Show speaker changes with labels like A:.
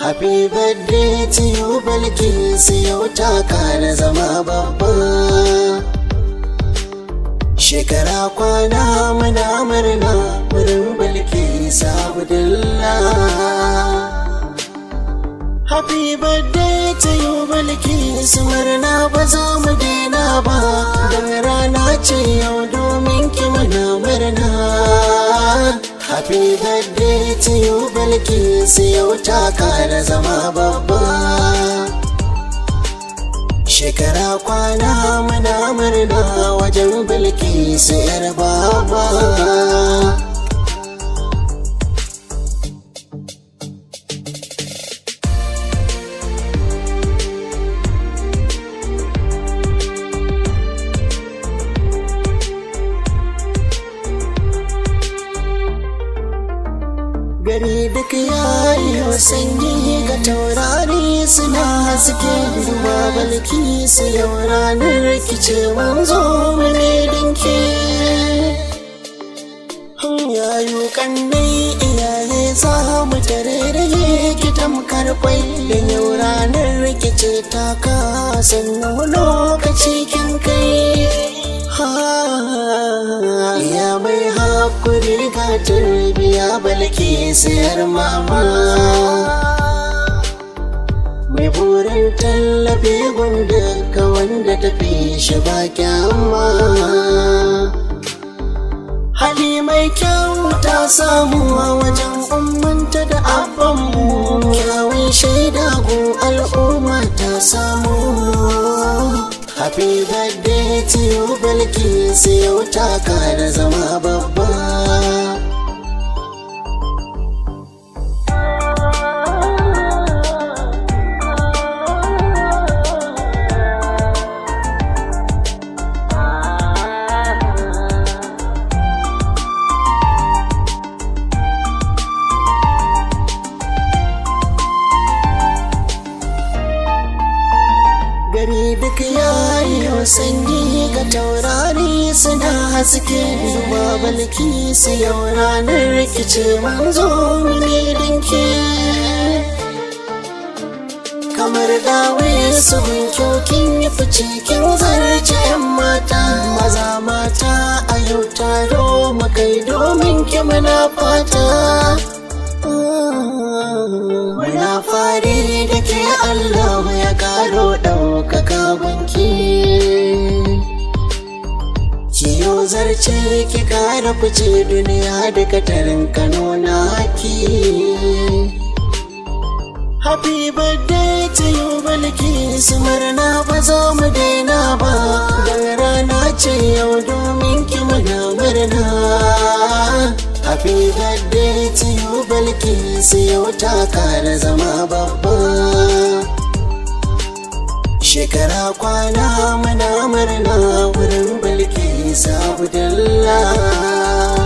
A: Happy birthday to you Bilkisu yau ta kara zama babba Shekara kwana muna murna wurin Bilkisu Abdullah Happy birthday to you Bilkisu murna ba za mu daina ba don rana ce yau Happy birthday to you su yau ta kara zama babba Shekara kwana muna murna wajen su 'yar baba gari duk yayi sanyi ga taurari suna haske zuwa balki su yau ranar rikice wanzo mune dinki yayu kannai iyaye za mu tare da ki tamkar kwai da yau ranar rikice ta ka sannan lokaci kin kai ya mai hakuri ga tarbiya balki siyar mama mai burin tallafi gwamda ka wanda tafi shi ba kyamma hali mai kyau ta samu a wajen ummanta da abbanmu kyawun shaida gun al'umma ta samu happy birthday to you balki sai wuta da zama babba sanyi ga taurari suna haske zuwa balki su yau ranar rikice manzo ne dinki kamar dawe su hankokin ya fice kin zarce yan yo zarce ki kara fice duniya daga tarin kano na ki. happy birthday to you balki su murna ba mu daina ba don rana ce yau domin ki muna murna happy birthday to you balki su yau ta kara zama babba shekara kwana mana murna wurin bulki sabu dalla